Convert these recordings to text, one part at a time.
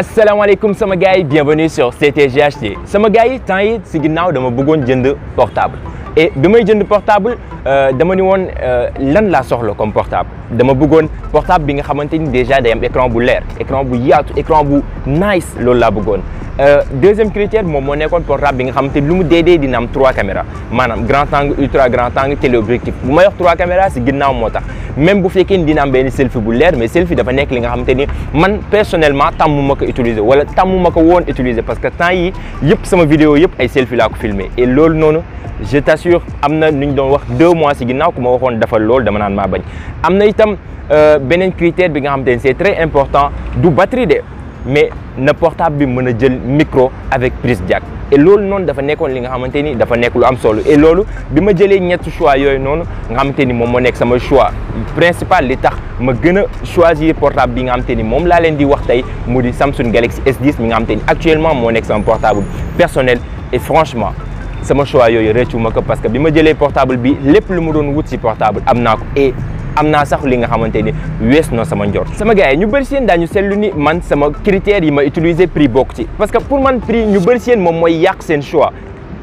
asalaamaaleykum sama gars yi bienvenue sur CTGHT sama gars yi temps si ginnaaw dama bëggoon jënd portable et bi may jënd portable euh, dama ni woon euh, lan laa soxla comme portable dama bëggoon portable bi nga xamante ni déjà day am écran bu leer écran bu yaatu écran bu nice loolu laa bëggoon Euh, deuxième critère moom moo nekkoon portable bi nga xam te lu mu dee dee dina am trois caméras maanaam grand angle ultra grand angle téléobjectif bu ma wax trois caméras si ginnaaw moo tax même bu fekkee ni dina am selfie bu leer mais selfie dafa nekk li nga xam te ni man personnellement tàmmu ma ko utiliser wala tàmmu ma ko woon utiliser parce que temps yi yëpp sama vidéo yëpp ay selfie laa ko filmer et loolu noonu je t'assure am na lu ñu doon wax deux mois si ginnaaw ku ma waxoon dafa loolu dama naan maa bañ am na euh, bi nga xam te ni c'est très important du batterie de mais na portable bi mën a jël micro avec prise jack et loolu noonu dafa nekkoon li nga xamante ni dafa nekk lu am solo et loolu bi ma jëlee ñett choix yooyu noonu nga xamante ni moom moo nekk sama choix principal li tax ma gën a choisir portable bi nga xamante ni moom laa leen di wax tey mu di Samsung Galaxy S10 mi nga xamante ni actuellement moo nekk sama portable personnel et franchement sama choix yooyu rëccu ma ko parce que bi ma jëlee portable bi lépp lu mu doon wut ci portable am naa ko am naa sax li nga xamante ni wees na sama njort sama gars yi ñu bëri seen daañu seetlu ni man sama critères yi ma utiliser pri bokk ci parce que pour man pri ñu bëri seen moom mooy yàq seen choix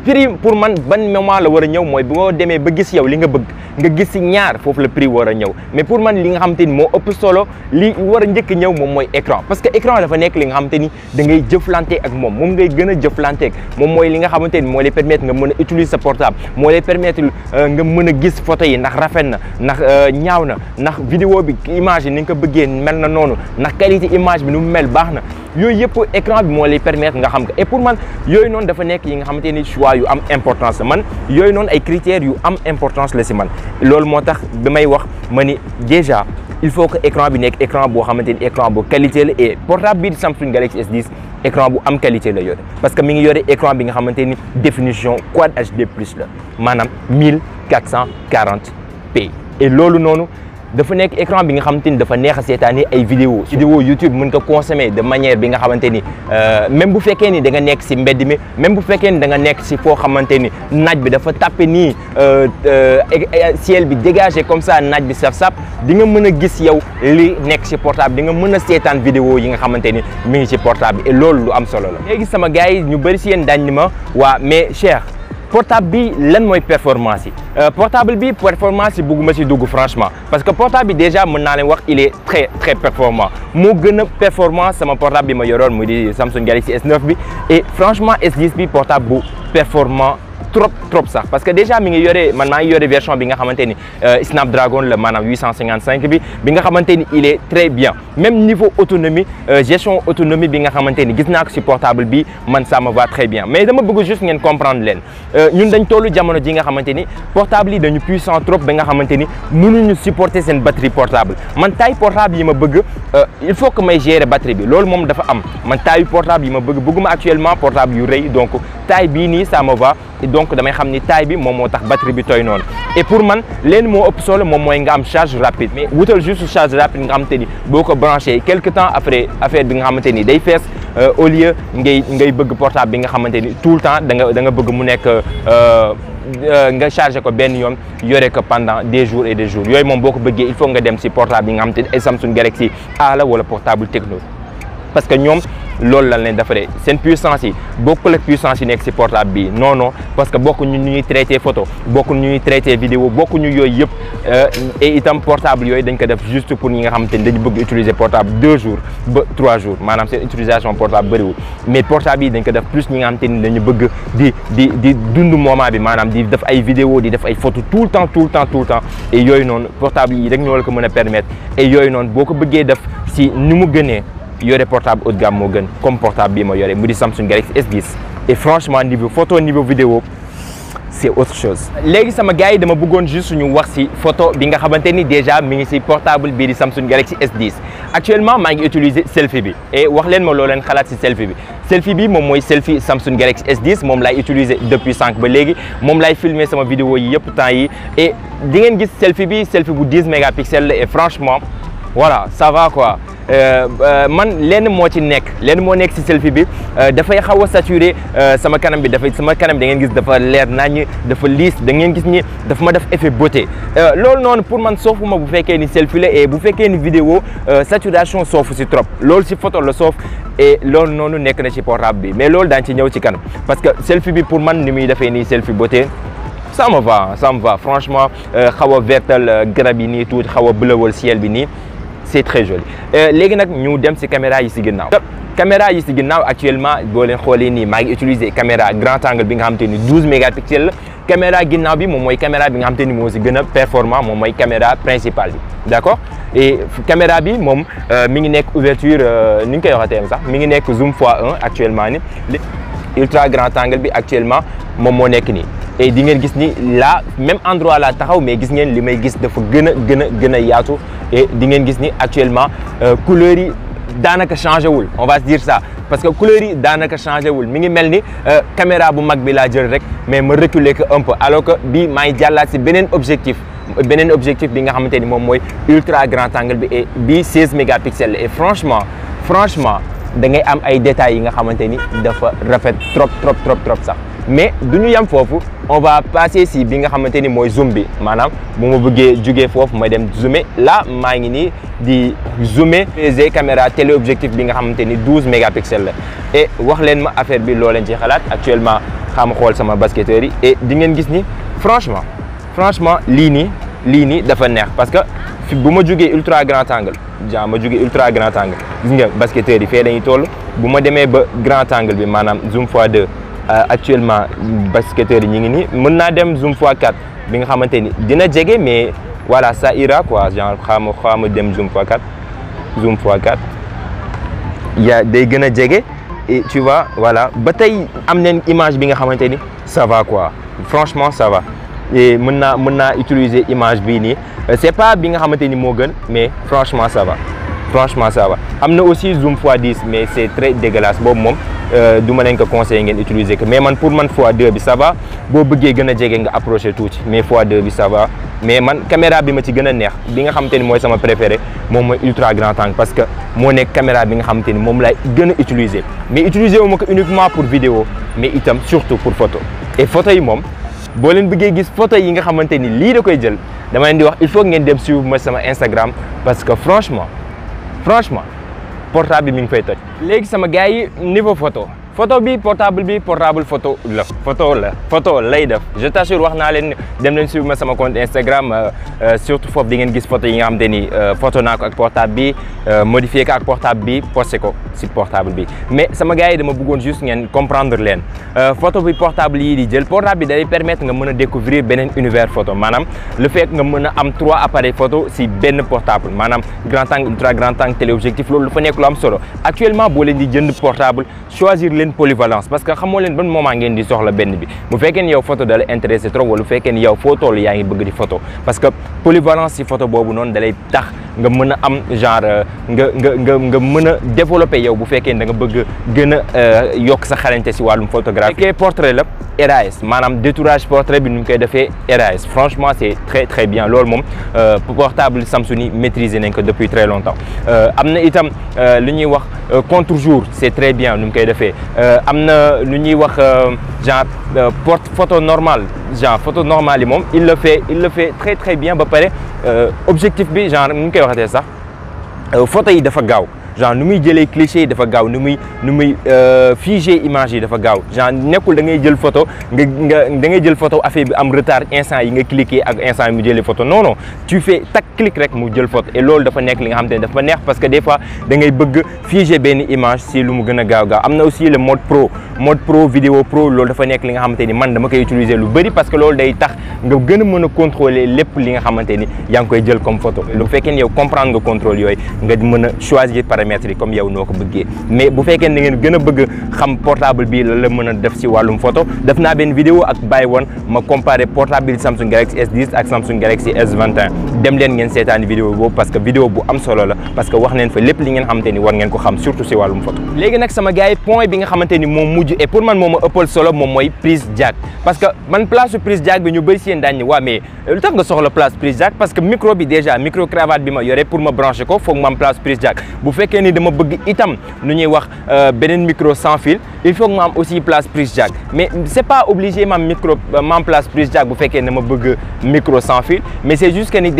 prix pour man ban moment la war a ñëw mooy bu nga demee ba gis yow li nga bëgg nga gis si ñaar foofu la prix war a ñëw mais pour man li nga xam te ni moo ëpp solo li war a njëkk ñëw moom mooy écran parce que écran dafa nekk li nga xam te ni da ngay jëflante ak moom moom ngay gën a jëflante ak moom mooy li nga xamante ni moo li permettre nga mën a utiliser sa portable moo lay permettre euh, nga mën a gis photo yi ndax rafet na ndax euh, ñaaw na ndax vidéo bi image yi ni nga ko bëggee mel na noonu ndax qualité image bi nu mu mel baax na yooyu yëpp écran bi moo lay permettre nga xam nga et pour man yooyu noonu dafa nekk yi nga xamante ni choix yu am importance la man yooyu noonu ay critères yu am importance la si man loolu moo tax bi may wax ma ni déjà il faut que écran bi nekk écran boo xamante ni écran bu qualité la et portable bii di Samsung Galaxy S10 écran bu am qualité la yore parce que mi ngi yore écran bi nga xamante ni définition Quad HD plus la maanaam 1440p loolu noonu dafa nekk écran bi nga xamante ni dafa neex a seetaani ay vidéo vidéo YouTube mën ko consommer de manière bi nga xamante ni euh, même bu fekkee ni da nga nekk si mbedd mi même bu fekkee ni da nga nekk si foo xamante ni naaj bi dafa tàppe nii euh, euh, e, e, ciel bi dégagé comme ça naaj bi saf-saf dinga nga mën a gis yow li nekk si portable di nga mën a seetaan vidéo yi nga xamante ni mi ngi si portable et loolu lu am solo la léegi sama gars yi ñu bëri si yéen daañu ni ma waa mais cher portable bi lan mooy performance yi euh, portable bi performance yi bugguma dugg franchement parce que portable bi déjà mën naa leen wax i est très très performant moo gën a performance sama portable ma yoroon mu di Samsung Galaxy S9 bi et franchement S10 bi portable bu trop trop sax parce que déjà ngi yore man maa ngi yore version bi nga xamante ni euh, Snapdragon la maanaam 855 bi bi nga xamante ni il est très bien même niveau autonomie euh, gestion autonomie bi nga xamante ni gis naa ko si portable bi man ça me va très bien mais dama bëgg juste ngeen comprendre leen euh, ñun dañ tollu jamono ji nga xamante ni portable yi dañu puissant trop ba nga xamante ni mënuñu supporter seen batterie portable man taille portable yi ma bëgg il faut que may gérer batterie bi loolu moom dafa am man taille portable ma bëgg bëgguma actuellement portable yu rëy donc donc damay xam ni taille bi moom moo tax batterie bi tooy noonu et pour man leen moo ëpp solo nga am charge rapide mais wutal juste charge rapide nga xamante ni boo ko branché quelque temps après affaire bi nga xamante ni day fees euh, au lieu ngay ngay bëgg bi nga xamante ni tout le temps danga nga bëgg mu nekk euh, euh, nga chargé ko benn yoon yore ko pendant des jours et des jours yooyu moom boo ko bëggee il faut nga dem si portable yi nga xamante ni ay Samsung Galaxy A la wala portable parce que ñoom loolu lan leen defaree seen puissance yi bokkul ak puissance yi nekk si portable bi non non parce que bokk ñu ñuy traité photo bokk ñu ñuy traité vidéo bokk ñu yooyu yëpp i euh, itam portable yooyu dañ ko def juste pour ñi nga xamante ni dañu bëgg utiliser portable deux jours ba trois jours maanaam seen utilisation portable bëriwul mais portable yi dañ ko def plus ñi nga xamante ni dañu bëgg di di di dund moment bi maanaam di def ay vidéo di def ay photo le temps tout le temps tout le temps et yooyu noonu portable rek ñoo la ko a permettre et yooyu noonu boo def si ni mu gënee yore portable haut de gën comme portable bii ma yore mu di Samsung Galaxy S10 et franchement niveau photo niveau vidéo c'est autre chose léegi sama gars yi dama bëggoon juste suñu wax si photo bi nga xamante ni déjà mi ngi ci portable bii di Samsung Galaxy S10 actuellement maa ngi utiliser selfie bi e wax leen ma loo leen si ci selfie bi selfie bi moom mooy selfie Samsung Galaxy S10 moom laay utiliser depuis sànq ba léegi moom laay filmer sama vidéo yi yëpp temps yi et di ngeen gis selfie bi selfie bu 10 mégapixels et franchement voilà ça quoi Euh, euh, man lenn moo ci nekk lenn moo nekk si selfie bi euh, dafay xaw a saturé sama kanam bi dafay sama kanam bi da ngeen gis dafa leer naññ dafa liis da ngeen gis ni dafa ma def effet beauté loolu noonu pour man soofuma bu fekkee ni selfie la et bu fekkee ni vidéo saturation soofu si trop loolu si photo la soof e loolu noonu nekk na ci portable bi mais loolu daan ci ñëw ci kanam parce que selfie bi pour man ni muy defee nii selfie beauté ça me va ça va franchement xaw a vertal garab yi nii tuuti xaw a bleuwal ciel bi nii c'est très joli euh, léegi nag ñu dem si caméra yi ci ginnaaw caméra yi ci ginnaaw actuellement boo leen xoolee nii maa ngi utiliser caméra grand angle bi nga xam te ni 12 mégapixels la caméra ginnaaw bi moom mooy caméra bi nga xam te ni moo ci gën a performant moom mooy caméra principale bi d'accord et caméra bi moom euh, mi ngi nekk ouverture euh, ni ñu koy waxatee sax mi ngi nekk zoom x1 actuellement ni ultra grand angle bi actuellement moom moo nekk nii et di ngeen gis ni la même endroit la taxaw mais gis ngeen li may gis dafa gën a gën gën a yaatu et di ngeen gis ni actuellement euh, couleurs yi daanaka changé wul on va se dire ça parce que couleur yi daanaka changé wul mi ngi mel ni euh, caméra bu mag bi laa jël rek mais ma reculer que un peu alors que bii maa ngi jàllaat si beneen objectif beneen objectif bi nga xamante ni moom mooy ultra grand angle bi et bii 16 mégapixels et franchement franchement da ngay am ay détails yi nga xamante ni fa rafet trop trop trop trop sax. mais du ñu yem foofu on va passer si bi nga xamante ni mooy zoom bi maanaam bu ma bëggee jugee foofu ma dem zoomé la maa ngi ni di zoomé pese caméra téléobjectif bi nga xamante ni douze mégapixels la e wax leen ma affaire bi loo leen xalaat actuellement xam xool sama basketteur yi et di ngeen gis ni franchement franchement lii nii lii nii dafa neex parce que fi bu ma jugee ultra grand angle genre ma jugee ultra grand angle gis nga basketteur yi fee dañuy toll bu ma demee ba grand angle bi maanaam zoom fois deux Euh, actuellement basketteurs yi ñu ngi nii mën naa dem zoom fois 4 bi nga xamante ni dina jege mais wala ça ira quoi genre xaama dem zoom fois 4 zoom fois 4 ya day gën a jege et tu vois voilà ba tey am nañ image bi nga xamante ni sava va quoi franchement ça va et mën naa mën naa utiliser image bii nii euh, c'est pas bi nga xamante ni moo gën mais franchement ça va franchement ça va am na aussi zoom fois 10 mais c'est très dégueulasse boobu moom Euh, du ma leen ko conseil ngeen utiliser ko mais man pour man x2 bi ça boo bëggee gën a jege nga approché tuuti mais x2 bi ça va mais man caméra bi ma ci gën a neex bi nga xamante ni mooy sama préféré moom mooy ultra grand angle parce que moo nekk caméra bi nga xamante ni moom laay gën a utiliser mais utiliser wu ma ko uniquement pour vidéo mais itam surtout pour photo et photo yi moom boo leen bëggee gis photo yi nga xamante ni lii da koy jël dama leen il faut ngeen dem suivre ma sama Instagram parce que franchement franchement portable bi mi ngi fay toj. léegi sama gars yi niveau photo. photo bi portable bi portable photo la photo la lay def je t'assure wax naa leen dem leen suivre ma sama compte Instagram euh, euh, surtout foofu di gis photo yi nga xam te ni euh, photo naa ko ak portable bi modifié ko ak portable bi posté ko si portable bi mais sama gars yi dama bëggoon juste ngeen comprendre leen photo bi portable yi di jël portable bi day permettre nga mën a découvrir beneen univers photo maanaam le fait nga mën a am trois appareils photo si benn portable maanaam grand angle ultra grand angle téléobjectif loolu dafa nekk lu am solo actuellement boo leen leen polyvalence parce que xamoo leen ban moment ngeen di soxla benn bi bu fekkee ni yow photo dala intéressé trop wala bu fekkee ni yow foo toll yaa ngi bëgg di photo parce que polyvalence ci photo boobu noonu dalay tax nga mën a am genre nga nga nga nga mën a développer yow bu fekkee da nga bëgg gën a euh, yokk sa xarañte si wàllum photographie. fekkee la RAS maanaam détourage portrait bi nu mu koy defee RAS franchement c' est très très bien loolu moom euh, portable Samsung yi maîtriser nañ ko depuis très longtemps euh, am na itam lu ñuy wax contre-jour c' est très bien nu mu koy defee am na lu ñuy wax genre porte photo normal genre photo normale yi moom il le fait il fait très très bien ba pare. Euh, objectif bi genre nu ñu koy waxatee sax photo yi dafa gaaw genre nu muy jëlee cliché yi dafa gaaw nu muy nu euh, nekkul da jël photo nga nga da jël photo affaire bi am retard instant yi nga cliquer ak instant yi mu jëlee photo non non tu fais tac clic rek mu jël photo et loolu dafa nekk li nga xam te ne dafa neex parce que des fois da ngay bëgg figer benn image si lu mu gën gaaw gaaw am na aussi le mode pro mode pro vidéo pro loolu dafa nekk li nga xamante ni man dama koy utiliser lu bëri parce que loolu day tax nga gën a mën lépp li nga xamante ni yaa ngi koy jël comme lu fekkee ne yow comprendre paramètres yi comme yow noo ko bëggee mais bu fekke na ngeen gën a bëgg xam portable bi la la mën a def si wàllum photo def naa benn vidéo ak bàyyi woon ma comparé portable Samsung Galaxy S10 ak Samsung Galaxy S21 dem leen ngeen seetaani vidéo boobu parce que vidéo bu am solo la parce que wax neen fa lépp li ngeen xamante ni war ngeen ko xam surtout si wàllum photo léegi nag sama gars point bi nga xamante ni moom mujj et pour man moom ma ëppal solo moom mooy prise jack parce que man place su jack bi ñu bëri si yéen daañu waa mais lu tax nga soxla place prise jack parce que micro bi déjà micro cravate bi ma yore pour ma brancher ko foog ma am place prise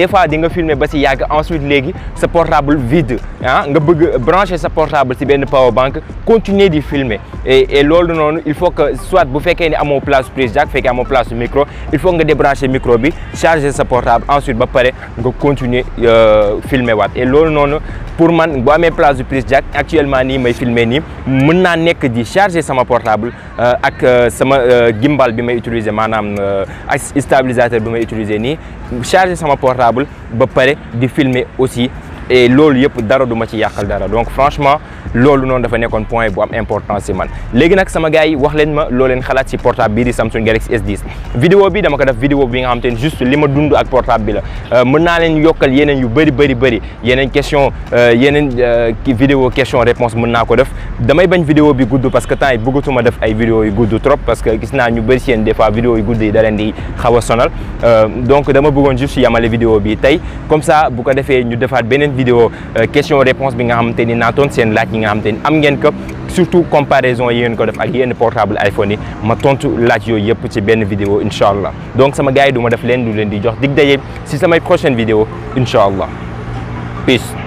des fois di nga filmer ba si yàgg ensuite léegi sa portable vide ah nga bëgg brancher sa portable si benn power bank continuer di filmer et loolu noonu il faut que soit bu fekkee ni amoo place prise jack fekkee amoo place micro il faut nga débrancher micro bi charger sa portable ensuite ba pare nga continuer euh, filmer waat et loolu noonu pour man boo amee place prise jack actuellement nii may filmer nii mën naa nekk di charger sama portable euh, ak euh, sama gimbal bi may utiliser maanaam ak stabilisateur bi may utiliser nii charger sama portable ba pare di filmer aussi e loolu yëpp dara du ma ci yàqal dara donc franchement loolu noonu dafa nekkoon point bu am importance si man léegi nag sama gars yi leen ma loo leen xalaat si portable bii di Samsung Galaxy S10 vidéo bi dama ko def vidéo bi te ne juste li ma dund ak portable bi la euh, mën naa leen bëri bëri bëri yeneen question euh, yeneen euh, vidéo question mën naa ko def damay bañ vidéo bi gudd parce que temps yi bëggatuma def ay vidéo yu gudd trop parce que gis naa ñu bëri seen des fois vidéo yu gudd yi da leen di xaw a sonal donc dama bëggoon juste yamale vidéo bi tey comme ça bu ko defee ñu defaat beneen vidéo question réponse bi nga xam te ni naatoon seen laaj yi nga xam te am ngeen ko surtout comparaison yi ngeen ko def ak yenn portable iPhone yi ma tontu laaj yooyu yëpp ci benn vidéo incha allah donc sama gars yi du ma def leen du leen di jox dig daje si samay prochaine vidéo incha allah peace